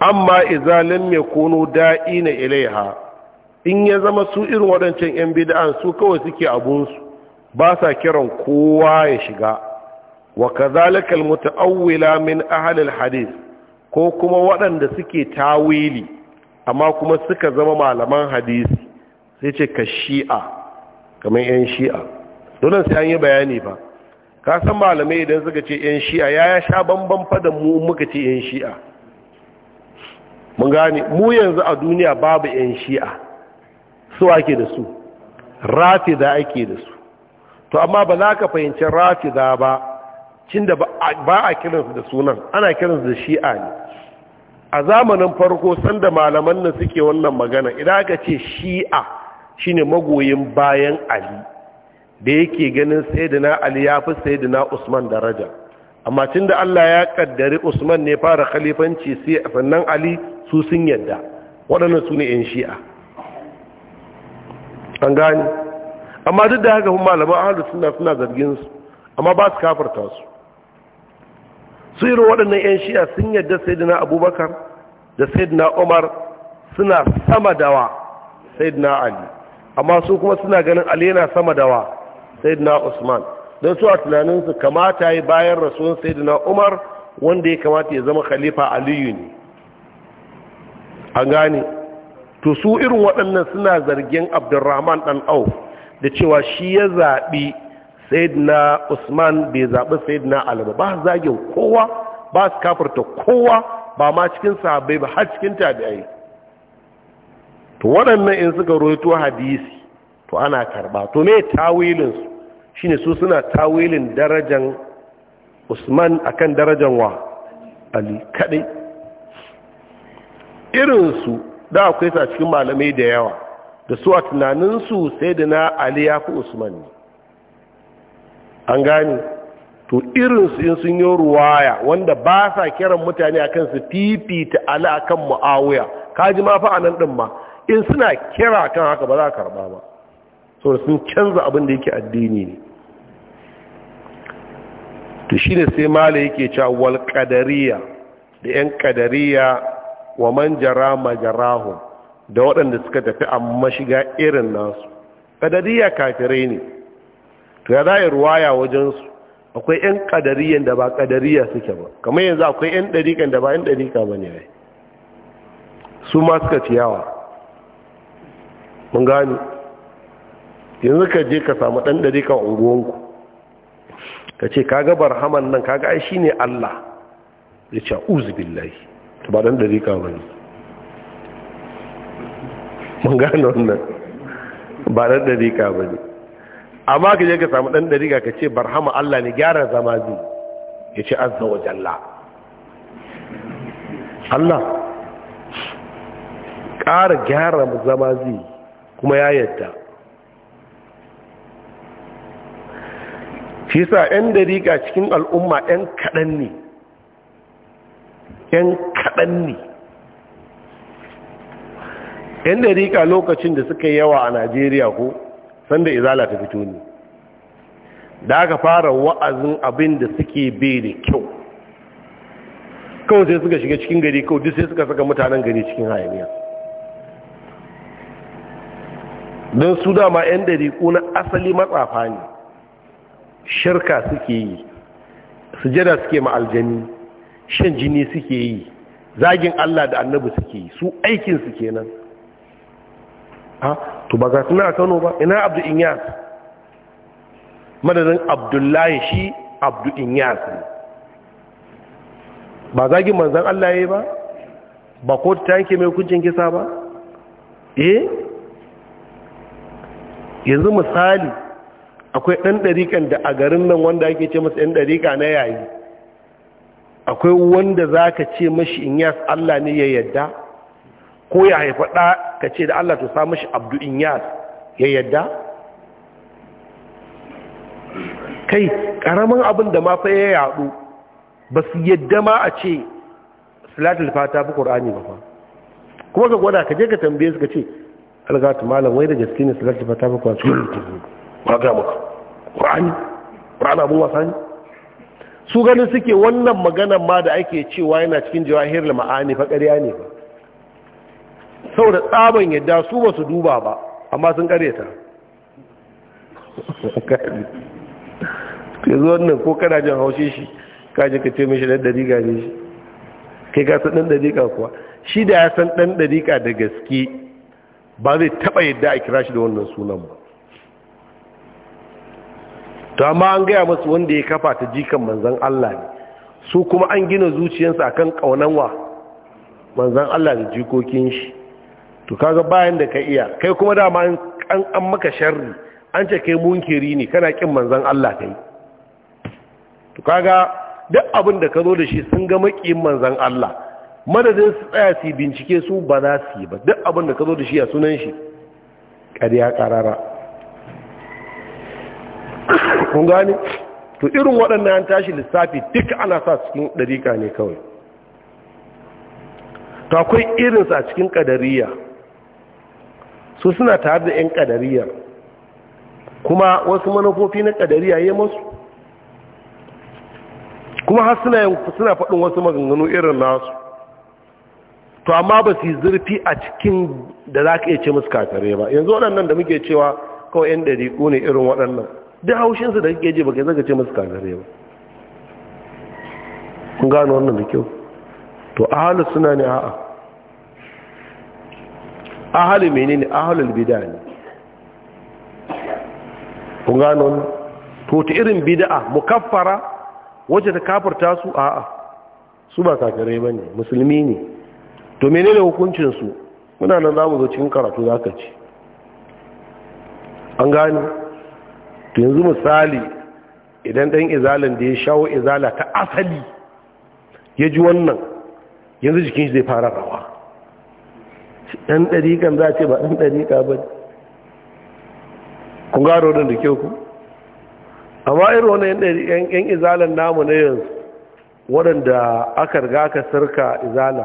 amma izalin mai kono da'ina ilaiha in ya zama su irin waɗancan 'yan bid'an su kawai suke abunsu ba sa kiran kowa ya shiga wa kazalikal muta'awwila min ahlil hadis ko kuma waɗanda suke tawili amma kuma suka zama malaman hadisi sai ce ka shi'a kamar 'yan shi'a dole sai an yi bayani ba ka san malamai idan suka ce 'yan shi'a ya ya sha bambam fadan mu muka ce 'yan shi'a mun gane mu yanzu a duniya babu 'yan shi'a su ake da su rafida ake da su to amma ba za ka fahimci rafida ba cin da ba a kiransu da sunan ana kiransu da shi'a ne a zamanin farko sanda malaman nan suke wannan magana idan aka ce shi'a shine magoyin bayan ali da yake ganin saidana ali ya fi sayyidina usman daraja amma cin da Allah ya kaddari usman ne fara khalifanci sai sannan ali su sun yadda waɗannan su ne 'yan shi'a an gani amma duk da haka kuma malaman ahlus sunna suna zargin su amma ba su kafarta su su irin waɗannan yan shi'a sun yadda sayyidina abubakar da sayyidina umar suna sama dawa sayyidina ali amma su kuma suna ganin ali yana sama dawa sayyidina usman don su a tunanin su kamata yi bayan rasuwan sayyidina umar wanda ya kamata ya zama khalifa aliyu ne an gani to su irin waɗannan suna zargin abdurrahman ɗan auf da cewa shi ya zaɓi na usman bai zaɓi na ali ba zagin kowa ba su kafarta kowa ba ma cikin sahabbai ba har cikin tabi'ai to waɗannan in suka roito hadisi to ana karɓa to me tawilin su su suna tawilin darajan usman akan darajan wa ali kaɗai irinsu da akwai sa cikin malamai da yawa da su a tunaninsu sai da na ali ya fi usman ne an gane to irinsu in sun yi ruwaya wanda ba sa kiran mutane a kansu fifita ala a kan ma'awuya kaji ma fa a nan ma in suna kira kan haka ba za a karɓa ba so sun canza abin da yake addini ne to shi ne sai mala yake cewa wal da 'yan ƙadariya wa man jara majarahu da waɗanda suka tafi amma shiga irin nasu ƙadariya kafirai ne to ya za ruwaya wajensu akwai 'yan ƙadariyan da ba ƙadariya suke ba kamar yanzu akwai 'yan ɗariƙan da ba 'yan ɗariƙa ba ne su ma suka ciyawa mun gani yanzu ka je ka samu ɗan ɗariƙan unguwanku ka ce kaga barhaman nan kaga ai shi ne Allah ya ce uzu billahi to ba dan dariƙa ba ne mun gano wannan ba dan dariƙa ba ne amma ka je ka samu dan dariƙa ka ce barhama Allah ne gyara zama zai ya ce azza wa jalla Allah ƙara gyara zama zai kuma ya yadda shi sa 'yan dariƙa cikin al'umma 'yan kaɗan ne 'yan kaɗan ne yan dariƙa lokacin da suka yi yawa a najeriya ko sanda izala ta fito ne da aka fara wa'azin abin da suke bai da kyau kawai sai suka shiga cikin gari kawai duk sai suka saka mutanen gari cikin hayaniya don su dama 'yan dariƙo na asali matsafa ne shirka suke yi sujada suke ma'aljani shan jini suke yi zagin Allah da annabi suke yi su aikin su kenan ha to ba za su na Kano ba ina Abdu Inyas madadin Abdullahi shi Abdu Inyas ba zagin manzan Allah yayi ba ba ko ta yanke mai hukuncin kisa ba eh yanzu misali akwai ɗan ɗariƙan da a garin nan wanda ake ce masu ɗan ɗariƙa na yayi akwai wanda za ka ce mashi inyas Allah ne ya yadda ko ya haifa ɗa ka ce da Allah to sa mashi abdu inyas ya yadda kai ƙaramin abin da mafi ya yaɗu ba su yadda ma a ce salatul fata fi ƙorani ba fa kuma ka gwada ka je ka tambaye su ka ce algatu malam wai da gaske ne salatul fata fi ƙorani ba ga muka ƙorani ƙorani abubuwa wasa ne su ganin suke wannan maganan ma da ake cewa yana cikin jawahir ma'ani fa ƙarya ne ba sau da tsaban yadda su ba su duba ba amma sun ƙareta Ka zuwan nan ko kana jin haushe shi kaji ka ce mishi ɗan ɗariƙa ne shi kai ka san ɗan ɗariƙa kuwa shi da ya san ɗan ɗariƙa da gaske ba zai taɓa yadda a kira shi da wannan sunan ba to amma an gaya masu wanda ya kafa ta jikan manzan Allah ne su kuma an gina zuciyarsu akan kaunan wa manzan Allah da jikokin shi to kaga bayan da ka iya kai kuma dama an an maka sharri an ce kai munkiri ne kana kin manzan Allah kai to kaga duk abin da ka zo da shi sun ga makiyin manzan Allah madadin su tsaya su bincike su ba za su yi ba duk abin da ka zo da shi a sunan shi ƙarya ƙarara kun gane to irin waɗannan an tashi lissafi duk ana sa cikin ɗariƙa ne kawai to akwai irinsa a cikin ƙadariya su suna tare da 'yan ƙadariya kuma wasu manufofi na ƙadariya ya masu kuma har suna faɗin wasu maganganu irin nasu to amma ba su yi zurfi a cikin da za ka iya ce musu kakare ba yanzu waɗannan da muke cewa kawai 'yan ɗariƙo ne irin waɗannan duk haushinsu da kake ji ba kai zaka ce musu kagare ba kun gano wannan da kyau to ahalus suna ne a'a ahalu menene ahalul bid'a ne kun gano wannan to ta irin bid'a mukaffara wacce ta kafirta su a'a su ba ba ne musulmi ne to menene hukuncin su muna nan zamu zo cikin karatu zaka ci an gani. yanzu misali idan ɗan izalin da ya shawo izala ta asali ya ji wannan yanzu jikin shi zai fara rawa ɗan ɗariƙan za ce ba ɗan ɗariƙa ba kun gano don da kyau ku amma irin wani yan izalin namu na yanzu waɗanda aka riga aka sarka izala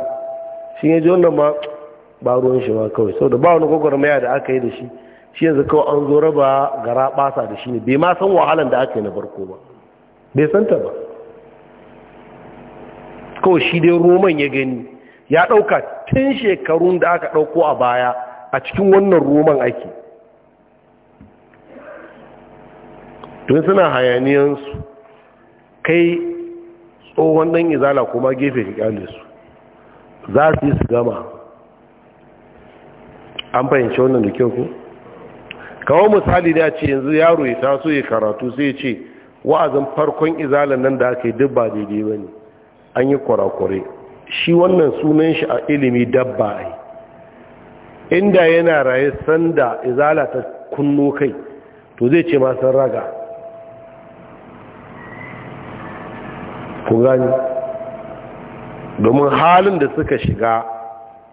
shi ya ji wannan ma ba ruwan shi ba kawai sau da ba wani gwagwarmaya da aka yi da shi shi yanzu kawai an zo raba gara basa da shi ne bai ma san wahalan da aka yi na farko ba bai san ta ba kawai shi dai roman ya gani ya ɗauka tun shekarun da aka ɗauko a baya a cikin wannan roman ake tun suna hayaniyansu kai tsohon ɗan izala kuma gefe ka kyale su za su yi su gama an fahimci wannan da kyau ku? kawo misali da ce yanzu yaro ya taso ya karatu sai ya ce wa'azin farkon izalan nan da aka yi duk ba daidai ba ne an yi kwarakwarai shi wannan sunan shi a ilimi dabba ai inda yana raye sanda izala ta kunno kai to zai ce ma raga ku gani domin halin da suka shiga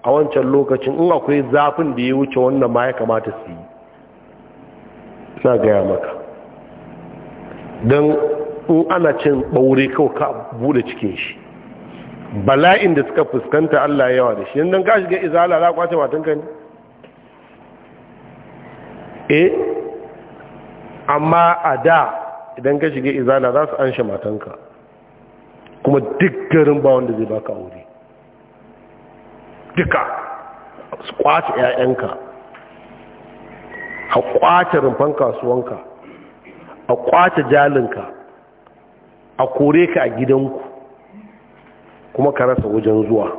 a wancan lokacin in akwai zafin da ya wuce wannan ma ya kamata su yi na gaya maka don in ana cin ɓaure kawai ka bude cikin shi bala'in da suka fuskanta Allah yawa da shi don ka shiga izala za kwace matanka ne eh amma a da idan ka shiga izala za su an shi matanka kuma duk garin ba wanda zai baka aure duka su kwace 'ya'yanka a kwace rumfan kasuwanka a kwace jalinka a kore ka a gidanku kuma ka rasa wajen zuwa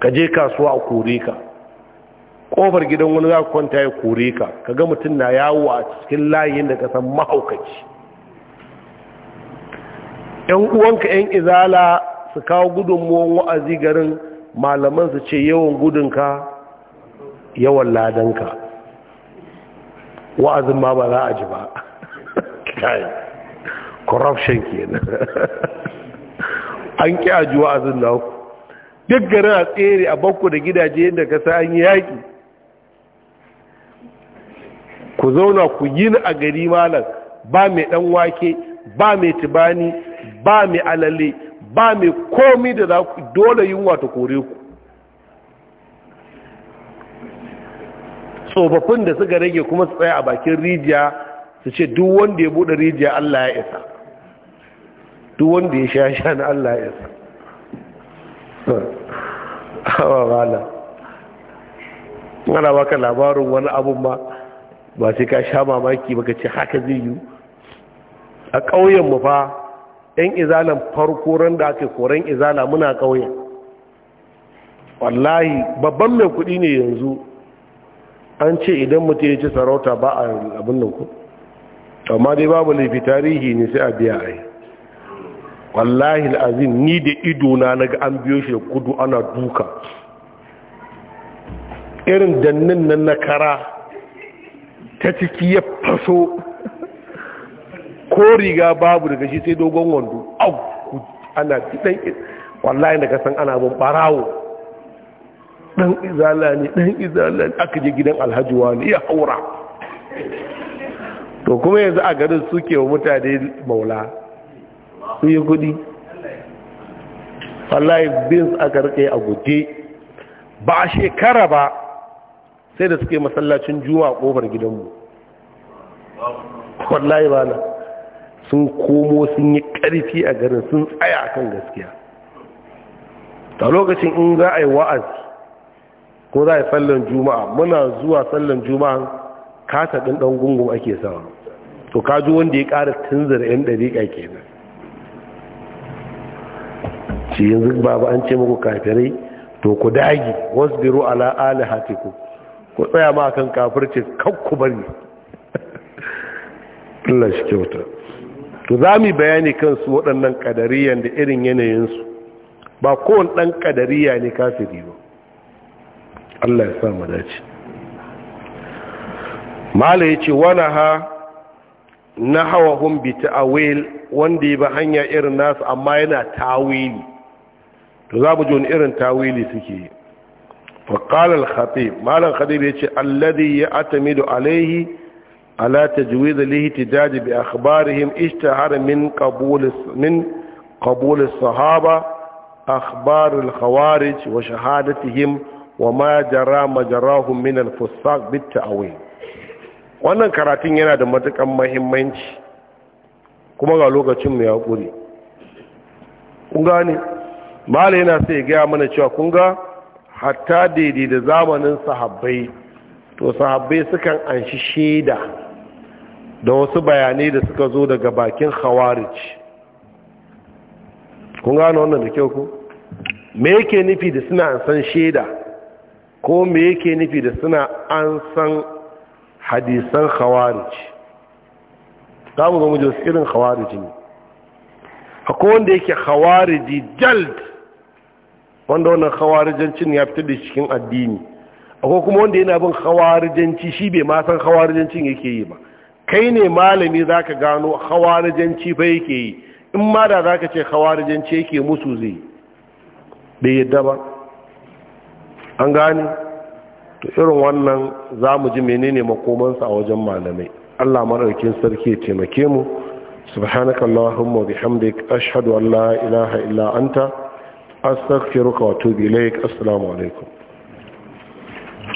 ka je kasuwa a kore ka ƙofar gidan wani za kwanta ya kore ka ka ga mutum na yawo a cikin layin da ka san mahaukaci ‘yan uwanka ‘yan izala su kawo gudunmuwan wa'azi garin malaman su ce yawan gudunka yawan ladanka wa'azin ma ba za a ji ba kai corruption kenan an ki a ji wa'azin na ku duk garin a tsere a bakku da gidaje yadda ka sa an yi yaƙi ku zauna ku yi a gari malam ba mai dan wake ba mai tubani, ba mai alale ba mai komi da za ku dole yunwa ta kore ku tsofaffin da suka rage kuma su tsaya a bakin rijiya su ce duk wanda ya buɗe rijiya Allah ya isa duk wanda ya sha sha na Allah ya isa hawa bala ana baka labarin wani abun ba ba sai ka sha mamaki baka ce haka zai yi a ƙauyen mu fa ɗan izalan farko ran da ake koren izala muna ƙauyen wallahi babban mai kuɗi ne yanzu an ce idan mutum ya ci sarauta ba a abin nan ku amma dai babu laifi tarihi ne sai a biya a yi wallahi azim ni da idona na ga an biyo shi da kudu ana duka irin dannin nan na kara ta ciki ya faso ko riga babu daga shi sai dogon wando au ana ɗan wallahi da kasan ana bambarawo barawo. dan izala ne dan izala ne aka je gidan alhaji wani ya haura to kuma yanzu a garin suke wa mutane maula su yi kudi wallahi bin aka rike a guje ba a shekara ba sai da suke masallacin juma a kofar gidanmu wallahi ba na sun komo sun yi karfi a garin sun tsaya kan gaskiya a lokacin in za a yi wa'azi ko za a yi sallan juma'a muna zuwa sallan juma'a kasa ɗin ɗan gungun ake sawa to ka wanda ya ƙara tunzar 'yan ɗariƙa kenan shi yanzu babu an ce muku kafirai to ku dagi wasu biro ala alihatiku ku tsaya ma kan kafirce kakku bari Allah shi kyauta to za mu bayani kansu waɗannan ƙadariyan da irin yanayinsu ba kowane ɗan ƙadariya ne kafiri ba Allah ya samu dace mala ya ce wani ha na hawa hun a wail wanda ya ba hanya irin nasu amma yana tawili to za mu jini irin tawili suke yi faƙalar haɗe malar haɗe ya ce alladi ya atami da alaihi ala ta juwe da lihiti daji bi akhbarihim ishta har min kabulis sahaba akhbarul khawarij wa shahadatihim wa ma jara majarahu min al-fusaq bit ta'wil wannan karatun yana da matukan muhimmanci kuma ga lokacin mu ya kure kun gane malai yana sai ga mana cewa kun ga hatta daidai da zamanin sahabbai to sahabbai sukan anshi shaida da wasu bayanai da suka zo daga bakin khawarij kun gane wannan da kyau ko me yake nufi da suna san shaida ko me yake nufi da suna an san hadisan khawarij za mu zama jos irin khawarij ne ko wanda yake khawariji jald wanda wannan khawarijancin ya fitar da cikin addini akwai kuma wanda yana bin khawarijanci shi bai ma san khawarijancin yake yi ba kai ne malami zaka gano khawarijanci fa yake yi in ma da zaka ce khawarijanci yake musu zai bai yadda ba an gane to irin wannan za mu ji menene makomansa a wajen malamai allah maɗaukin sarki ya taimake mu subhanaka allahumma bihamdik ashhadu an la ilaha illa anta astaghfiruka wa atubu assalamu alaikum